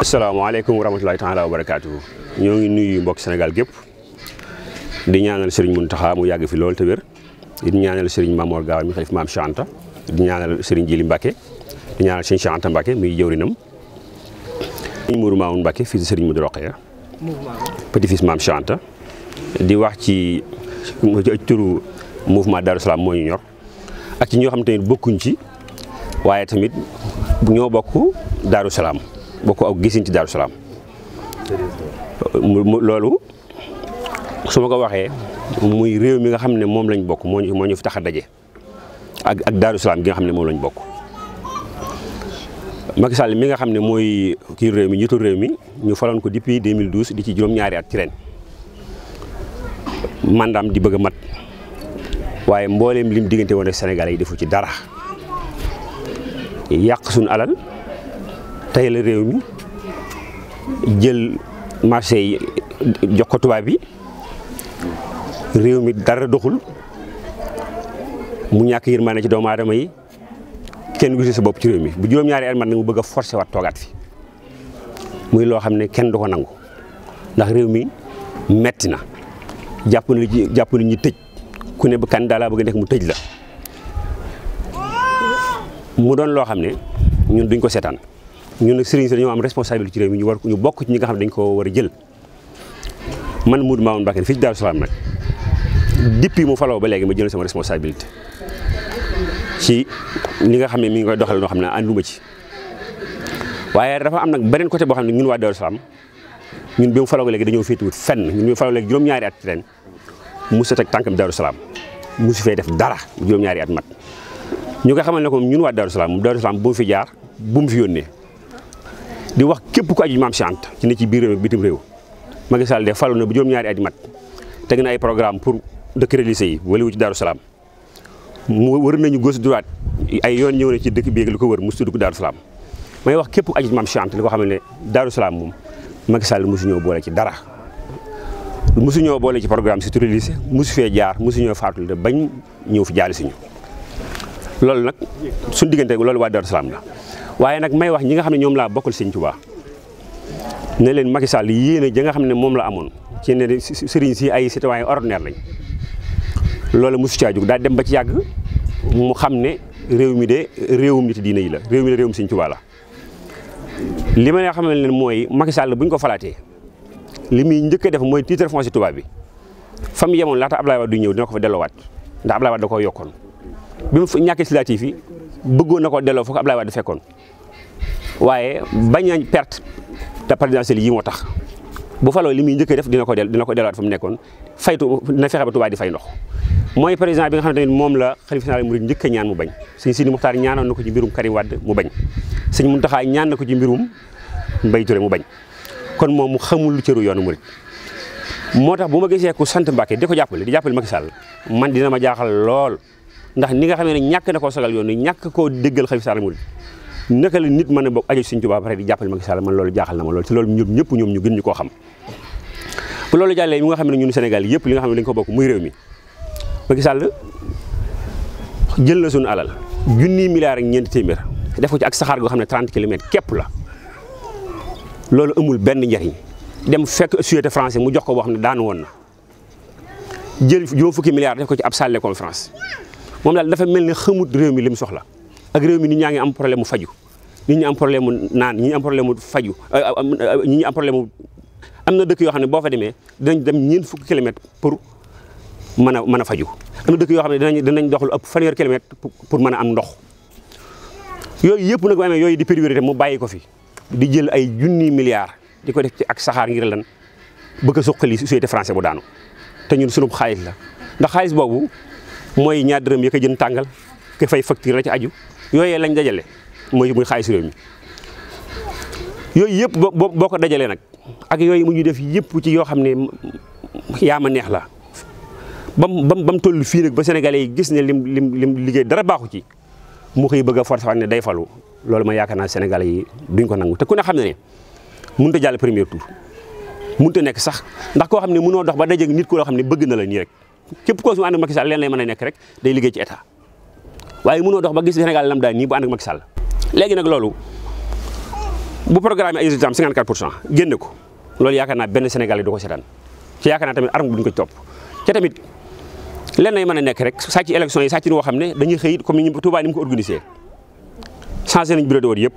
assalamualaikum wa rahmatulahi taala wa barakaatu ñoo ngi nuyu mbokk senegal gep di ñaanal Serigne muntaha mu yàgg fi lol te wér di ñaanal Serigne mamour gawal mi xalif mam chanta di ñaanal Serigne Jili mbake di ñaanal Serigne chanta mbake Mbacke muy jëwrinam Serigne Mourou Mamoun mbake fi de Serigne Modou Rokhaya petit fils mam chanta di wax ci turu mouvement Darou Salam moo ñor ak ci ñoo xam bokkuñ ci waye tamit ñoo bokku Darou Salam boko aw gisin ci lalu Salaam loolu su ko waxe muy rew mi nga xamne mom lañ bok moñu moñu fi taxa dajé ak ak Daaru Salaam gi nga xamne mom lañ bok Macky Sall mi nga xamne moy ki rew mi njiitu rew mi ñu falon ko depuis 2012 di ci juroom ñaari at ci ren mandam di bëgg mat waye mbolem lim digënté won ak Sénégalais yi defu ci dara yaq sun alal tey la réew mi jël marché yi jox ko tubaab yi réew mi dara doxul mu ñàkk na ci doomu aadama yi kenn gisu sa bopp ci réew mi bu juróom-ñaari at man nag mu bëgg a forcé waat toogaat fi muy loo xam ne kenn du ko nangu ndax réew mi metti na jàpp na jàpp na ñu tëj ku ne bu kan daala bëgg nekk mu tëj la mu doon loo xam ne ñun duñ ko seetaan ñun nag sëriñ si dañoo am responsabilité ci réew mi ñu war ñu bokk ci ñi nga xam ne dañ ko war a jël man Modou Mamoune Mbacké fii ci Daaru Salaam nag depuis mu faloo ba léegi ma jël sama responsabilité ci li nga xam ne mi ngi koy doxal noo xam ne ànduma ci waaye dafa am nag beneen côté boo xam ne ñun waa Daaru Salaam ñun bi mu faloo léegi dañoo féetuwut fenn ñun bi mu faloo ñaari at ren musu teg tànkam Daaru Salaam musu fee def dara juróom-ñaari at mat ñu koy xamal ne ñun waa Daaru Salaam Daaru Salaam bu mu fi jaar bu mu fi yónnee di wax képp ku aju maam si ci ne ci biir réew bitim réew Macky Sall de falu na bu juróom-ñaari at yi mat teg na ay programme pour dëkk religieux yi wala wu ci Daaru Salaam mu wër nañu gos droite ay yoon ñëw na ci dëkk bi ak lu ko wër mu tudd ko Daaru Salaam may wax képp ku aju maam si Anta xam ne Daaru Salaam moom Macky Sall mosu ñoo boole ci dara mosu ñoo boole ci programme surtout religieux mosu fee jaar mosu ñoo faatul de bañ ñëw fi jaali si ñu loolu nag suñu diggante loolu waa Daaru Salaam la. waaye nag may wax ñi nga xam ne ñoom laa bokkal sëñ Tuubaa ne leen Macky Sall yéene ja nga xam ne moom la amoon ci ne sëriñ si ay citoyen ordinaire lañ loolu mosu caa jóg daal dem ba ci yàgg mu xam ne réew mi de réewum nit diine yi la réew mi de réewum sëñ Tuubaa la li ma nga xam ne mooy Macky Sall bu ñu ko falaatee li muy njëkk def mooy titre foncier Touba bi fa mu yemoon laata Abdoulaye Wade du ñëw dina ko fa delloowaat ndax Abdoulaye Wade da koo yokkoon bi mu ñàkkee fi bëggoon na ko delloo foog Abdoulaye Wade fekkoon waaye bañ a perte te présidentielle yi moo tax bu faloo li muy njëkk def dina ko del dina ko delluwaat fa mu nekkoon faytu na fexe ba Touba di fay ndox mooy président bi nga xam ne moom la xalifa général murid njëkk a ñaan mu bañ si Sidi Muxtaar ñaanoon na ko ci mbirum Karim Wade mu bañ sëñ Muntaxa ñaan na ko ci mbirum Mbaye mu bañ kon moom mu xamul cëru yoonu murid moo tax bu ma gisee ku sant Mbàkke di ko jàppale di jàppale Macky Sall man dina ma jaaxal lool ndax ni nga xam ne ñàkk na koo sagal yoon ñàkk koo déggal xalifa général murid naka nit mën a bokk aju Sëñ Tuubaa ba pare di jàppale Macky Sall man loolu jaaxal na ma loolu ci loolu ñoom ñëpp ñoom ñu gën ñu koo xam bu loolu jàllee mi nga xam ne ñun Sénégal yëpp li nga xam ne dañ ko bokk muy réew mi Macky jël na suñu alal junni milliards ak ñeenti téeméer def ci ak saxaar goo xam ne 30 kilomètres képp la loolu amul benn njariñ dem fekk société français mu jox ko boo xam ne daanu woon na jël juróom fukki milliards def ko ci ab salle de conférence moom daal dafa mel ni xamut réew mi li mu soxla ak réew mi nit ñaa ngi am problème mu faju nit ñi am problème naan ñi am mu faju euh, euh, ñi ñi am na dëkk yoo xam ne boo fa demee dinañ dem ñeent fukki kilomètres pour mën a mën a faju am dëkk yoo xam ne dinañ dinañ doxal ëpp fanweer kilomètres pour mën a am ndox yooyu yëpp nag bu amee yooyu di priorité mu bàyyi ko fi di jël ay junni milliards di ko def ci ak saxaar ngir lan bëgg a suqali société français bu daanu te ñun sunub xaalis la ndax xaalis boobu mooy ñaar dërëm ya ko jën tàngal ka fay facture la ci aju yooyee lañ dajale muy muy xaalis réew mi yooyu yëpp boo boo ko dajalee nag ak yooyu mu ñu def yëpp ci yoo xam ne yaa ma neex la bam bam ba mu toll fii nag ba sénégalais yi gis ne lim lim lim liggéey dara baaxu ci mu xëy bëgga a forcé waat ne day falu loolu ma yaakaar naa sénégalais yi duñ ko nangu te ku ne xam ne ne mënut a jàll premier tour mënut a nekk sax ndax koo xam ne mënoo dox ba dajeeg nit ku loo xam ne bëgg na la nii rek képp koo su ànd Macky Sall leen mën a nekk rek day liggéey ci état waaye mënoo dox ba gis Sénégal lam daal nii bu ànd ak Macky léegi nag loolu bu programme ay résultats am 54 pour cent génne ko loolu yaakaar naa benn Sénégalais du ko seetaan ci yaakaar naa tamit arme bu ñu ko topp te tamit lenn ay man a nekk rek sàcc élection yi sàcc woo xam ne dañuy xëy comme ni Touba ni mu ko organisé changé nañ bureau yëpp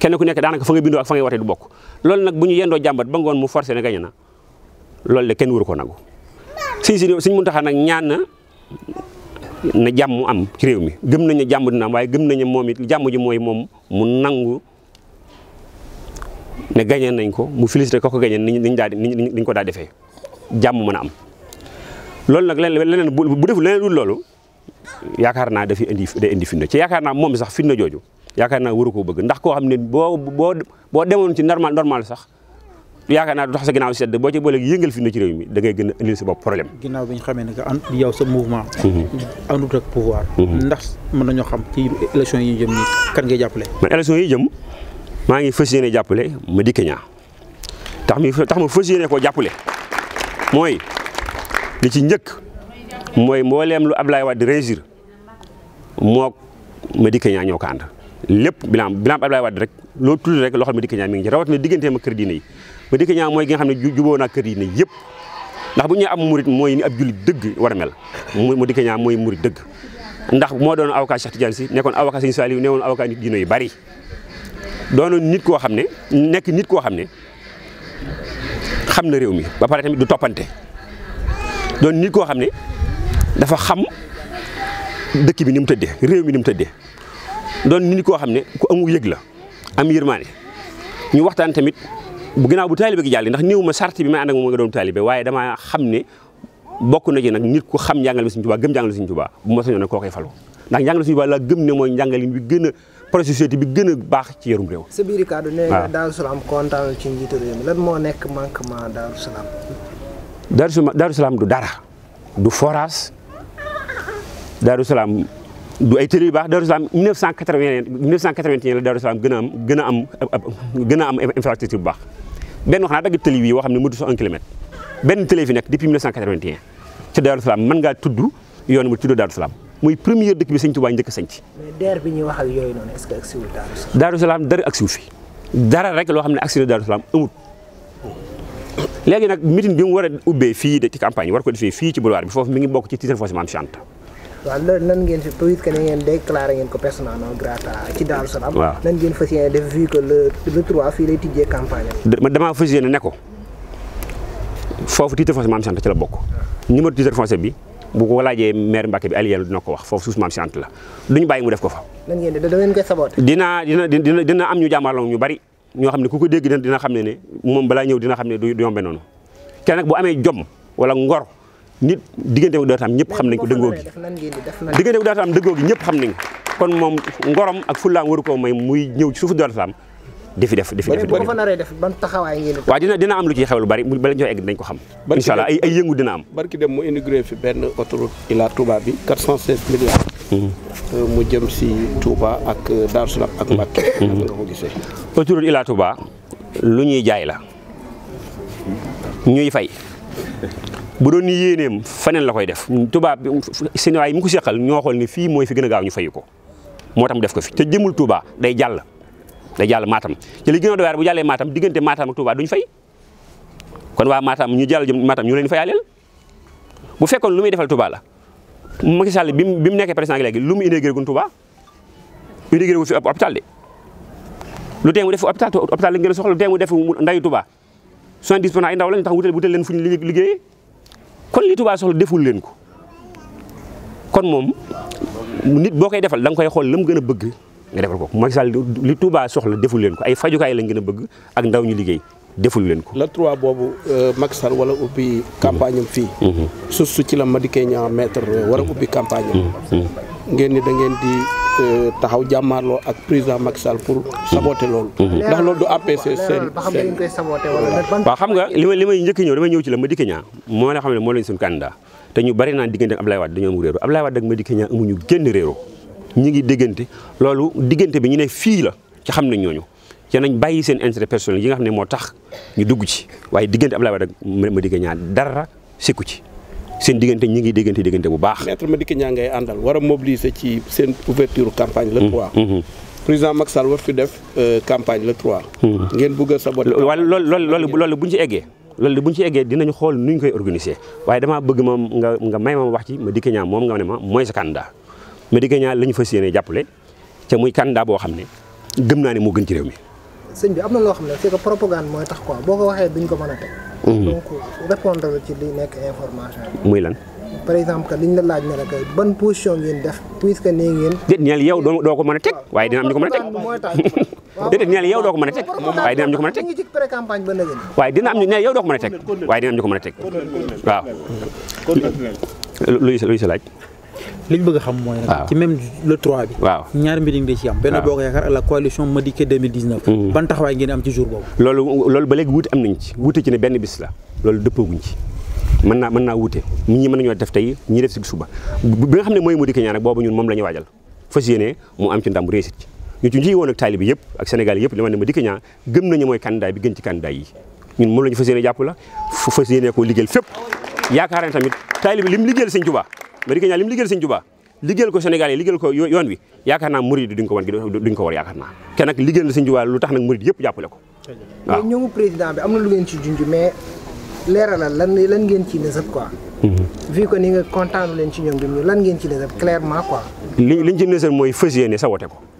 kenn ku nekk daanaka fa nga bindoo ak fa ngay watee du bokk loolu nag bu ñu yendoo jàmbat ba ngoon mu forcé loolu de kenn waru ko nangu suñ si suñ Muntaxa na jàmm am ci réew mi gëm nañ ne jàmm dina am waaye gëm nañ moom it jàmm ji mooy moom mu nangu na gañe nañ ko mu félicité ko ko gañe ni ñu daal di ni ñu ko daa defee jàmm mën a am. loolu nag leneen bu bu deful leneen loolu yaakaar naa dafi indi day indi fitna ci yaakaar naa moom sax fitna jooju yaakaar naa waru ko bëgg ndax koo xam ne boo boo boo demoon ci normal normal sax. yaakaar naa du tax sa ginnaaw sedd boo ci booleeg yëngal fi ne ci réew mi da ngay gën a indil sa bopp problème. ginnaaw bi xamee ne que an yow sa mouvement. Mm-hmm. Mm-hmm. ndax mën nañoo xam ci élection yi ñu jëm nii kan ngay jàppale. man élection yi jëm maa ngi fas yéene jàppale Madické tax mi tax ma fas yéene koo jàppale mooy li ci njëkk mooy mbooleem lu Abdoulaye Wade réussir moo Madické Niang ñoo ko ànd lépp bilan bilan Abdoulaye Wade rek loo tudd rek loxol Madické Niang mi ngi ci rawatina digganteem ak kër diine yi. ba dikk ñaa mooy gi nga xam ne juboo naa kër yi ne yëpp ndax bu ñuy am murit mooy ni ab jullit dëgg war a mel mu dikk ñaa mooy murit dëgg ndax moo doon avocat Cheikh Tidiane si nekkoon avocat Sëñ Saliou nekkoon avocat nit diine yu bari doon nit koo xam ne nekk nit koo xam ne xam na réew mi ba pare tamit du toppante doon nit koo xam ne dafa xam dëkk bi ni mu tëddee réew mi ni mu tëdde doon nit koo xam ne ku amu yëg la am yërmaane ñu waxtaan tamit bu ginnaaw bu taalibe gi jàll ndax néew ma sart bi may ànd ak moom nga doon taalibe waaye damaa xam ne bokk na ci nag nit ku xam njàngale Sëriñ Tuubaa gëm njàngale Sëriñ Tuubaa bu ma sañoon nag koo koy falu ndax njàngale Sëriñ Tuubaa laa gëm ne mooy njàngalin bi gën a processus bi gën a baax ci yarum réew. sa biir kàddu nee nga Daaru Salaam kontaan ci njiitu lan moo nekk manquement Daaru Salaam. Daaru Salaam Daaru Salaam du dara du forage Daaru du ay tëli yu baax Darou Salaam 1980 1981 la Darou gën a am gën am gën a am bu baax benn wax naa dagg tëli bii boo xam ne mu du un kilomètre benn tëli fi nekk depuis 1981 ca Darou Salaam mën ngaa tudd yoon mu tudd Darou Salaam muy première dëkk bi sëñ Tuubaa njëkk a sëñc. mais DER bi ñuy wax ak yooyu noonu est-ce que agsi fi dara rek loo xam ne agsi na Darou Salaam amut léegi nag meeting bi mu war a ubbee fii de ci campagne war ko defee fii ci boulevard bi foofu mi ngi bokk ci titre foncier Maam Chanta waaw loolu nan ngeen si tuit que ne ngeen déclaré ngeen ko persona non grata ci Daaru Salaam. waaw nan ngeen fas yéene def vu que le le 3 fii lay tijjee campagne am. damaa fas yéene ne ko foofu titre foncier maam sant ci la bokk. numéro titre foncier bi bu ko laajee maire Mbacke bi Aliou dina ko wax foofu suuf maam sant la duñu bàyyi mu def ko fa. nan ngeen di da ngeen koy saboté. dina dina dina dina am ñu jàmmarloo ñu bari ñoo xam ku ko dégg dina xam ne ne moom balaa ñëw dina xam du yombe noonu te nag bu amee jom wala ngor nit diggante wu dootaam ñëpp xam nañ ko dëggoo gi diggante wu dootaam dëggoo gi ñëpp xam nañ kon moom ngorom ak fullaam waru koo may muy ñëw ci suufu dootaam di fi def di fi def boo fa def ban taxawaay ngeen waaw dina dina am lu ci xew lu bari bala ñu egg dinañ ko xam incha allah ay ay yëngu dina am barki dem mu inauguré fi benn autoroute Ila Touba bi 416 milliards mhm. euh, mu jëm si tuuba ak euh, Darou Salam ak Mbacké mhm. nga ko gisee autoroute Ila Touba lu ñuy jaay la ñuy fay bu doon ni yéeneem feneen la koy def tubaab bi Sénégal yi mu ko seqal ñoo xool ne fii mooy fi gën a gaaw ñu fay ko moo tax mu def ko fi te jëmul tubaa day jàll day jàll maatam te li gën a doy bu jàllee Matam diggante Matam ak Touba duñ fay kon waa Matam ñu jàll jëm Matam ñu leen fayaleel bu fekkoon lu muy defal tubaa la Macky Sall bi mu bi mu nekkee président gi léegi lu mu inauguré gun Touba inauguré wu fi ab hôpital de lu tee mu def hôpital hôpital lañ gën a soxla lu tee mu def ndayu Touba 70 pour cent ay ndaw lañ tax wutal wutal leen fu ñu liggéeye kon li Touba soxla deful leen ko kon moom nit boo koy defal danga koy xool la mu gën a bëgg nga defal ko Macky Sall li Touba soxla deful leen ko ay fajukaay lañ gën a bëgg ak ndaw ñu liggéey deful leen ko. la trois boobu euh, Macky Sall wala ubbi campagne am fii. Mm-hmm. Mm-hmm. suuf su ci la Madické Niang maître war a ubbi campagne mm-hmm. ngeen ni da di. taxaw jàmmaarloo ak président Macky Sall pour saboter loolu. Mhm. ndax loolu du APC seen seen. waaw xam nga li may li may njëkk ñëw damay ñëw ci la Madické Niang moo xam ne moo lañ suñu candidat te ñu bari naa diggante ak Ablaye Wade dañoo am réero Ablaye Wade ak Madické Niang amuñu génn réero ñu ngi diggante loolu diggante bi ñu ne fii la ci xam nañ ñooñu te nañ bàyyi seen intérêt personnel yi nga xam ne moo tax ñu dugg ci waaye diggante Ablaye Wade ak Madické Niang dara sikku ci seen diggante ñi ngi déggante déggante bu baax. maître Madické Niang ngay àndal war a mobiliser ci seen ouverture campagne le 3. Mm, mm, mm. président Macky Sall war fi def euh, campagne le 3. ngeen bëgg a saboter. nga may ma wax ci Madické Niang moom nga ne ma mooy sa candidat Madické Niang la ñu fas yéene jàppale te muy candidat boo xam ne gëm naa ne moo gën ci réew mi. sëñ bi am na loo xam ne c'est que propagande mooy tax quoi boo ko waxee duñ ko mën a teg Mhm. donc répondre la ci li muy lan par exemple liñ la laaj ne la kay ban position ngeen def puisque nee ngeen déet neel yow doo ko mën a teg waaye dina am ñu ko mën a teg déedéet a waaye dina am ñu ko mën a teg waaye dina am ñu ko mën a teg waaw luy sa luy sa laaj li bëgg xam mooy. nag ci même bi. waaw ñaari meeting da ci am. benn boo ko yaakaar ak la coalition Madické 2019. Mm. ban taxawaay ngeen am ci jour boobu. loolu loolu ba léegi wuute am nañ ci wuute ci ne benn bis la loolu dëppooguñ ci. mën naa mën naa wuute ñi mën nañoo def tey ñi def si suba xam ne mooy Madické ñaar nag boobu moom la ñu waajal fas yéene mu am ci ndam réussite ci ñu ci woon ak taalibe yëpp ak Sénégal yëpp li ma ne Madické gëm nañu mooy candidat bi gën ci candidat yi ñun moom la ñu fas yéene jàpp la fas yéene koo liggéeyal fépp yaakaar ne tamit li mu liggéeyal Sëñ Madické Niang li mu liggéeyal sëñ Tuubaa liggéeyal ko Sénégal yi liggéeyal ko yoon wi yaakaar naa murid duñ ko wan duñ ko war yaakaar naa te liggéeyal na sëñ Tuubaa lu tax nag murid yëpp jàppale ko waaw président bi am na lu ci junj mais leeralal mhm. nga kontaanu leen ci ñoom ñoom lan ngeen ci nësëb clairement quoi li liñ ci nësëb mooy fas yéene sa wote ko